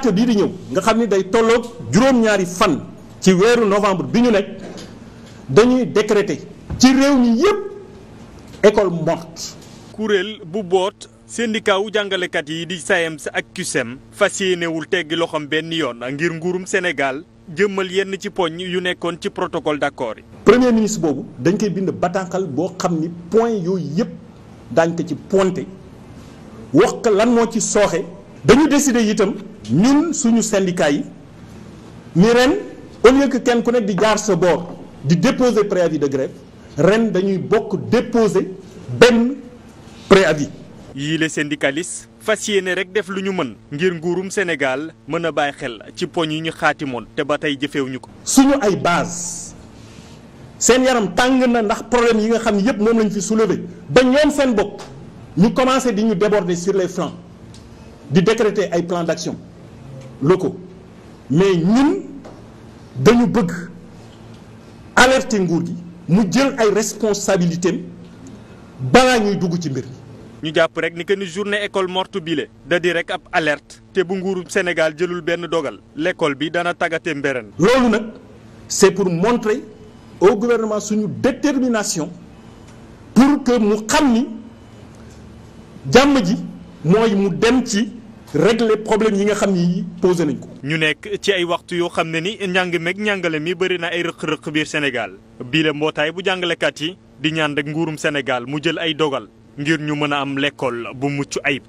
talaata bii di ñëw nga xam ni day tolloog juróom-ñaari fan ci weeru novembre bi ñu nekk dañuy décréter ci réew mi yépp école morte. kuréel bu boot syndicat wu jàngalekat yi di sayam SAEMS ak CUSEMS fas yéenewul teggi loxoom benn yoon ngir nguurum senegal jëmmal yenn ci poñ yu nekkoon ci protocole d'accord yi. premier ministre boobu dañ koy bind bataaxal boo xam ni point yooyu yépp daañ ko ci pointé wax lan moo ci sooxe. dañu décider itam ñun suñu syndicat yi ni ren au lieu que kenn ku nekk di jaar sa boor di déposer préavis de grève ren dañuy bokk déposer benn préavis. yii les syndicalistes fas yéene rek def lu ñu mën ngir nguurum Sénégal mën a bàyyi xel ci poñ yi ñu xaatimoon te ba tey jëfewuñu ko. suñu ay base seen yaram tàng na ndax problème yi nga xam yépp moom lañu fi soulever ba ñoom seen bokk ñu commencé di ñu déborder sur les flancs. di décréter ay plan d'action locaux mais ñun dañu bëgg alerter nguur gi mu jël ay responsabilités balaa ñuy dugg ci mbir ñu jàpp rek ni que ni journée école morte bile da di ab alerte te bu nguuru Sénégal jëlul benn dogal l'école bi dana tàggate mberen loolu nag c'est pour montrer au gouvernement suñu détermination pour que mu xam ni jàmm ji. mooy mu dem ci régler problème yi nga xam ni posé nañ ko. ñu nekk ci ay waxtu yoo xam ne ni njàng meeg njàngale mi bëri na ay rëq-rëq biir Sénégal bii mbootaay bu jàngalekat yi di ñaan rek nguurum Sénégal mu jël ay dogal ngir ñu mën a am lekkool bu mucc ayib.